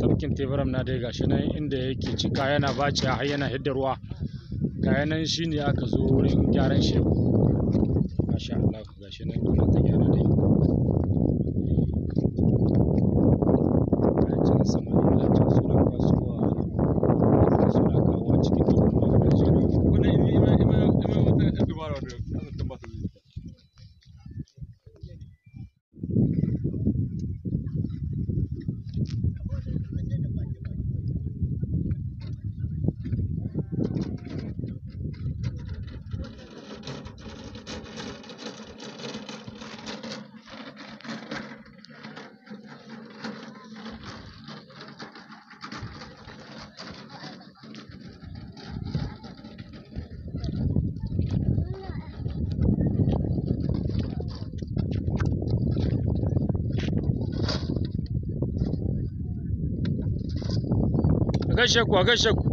tafkin teburam na dai gashi nan inda yake cika yana baci har yana hidda ruwa ga yanan shine aka zo wurin gyaran shi gaishe ku, a gaishe ku.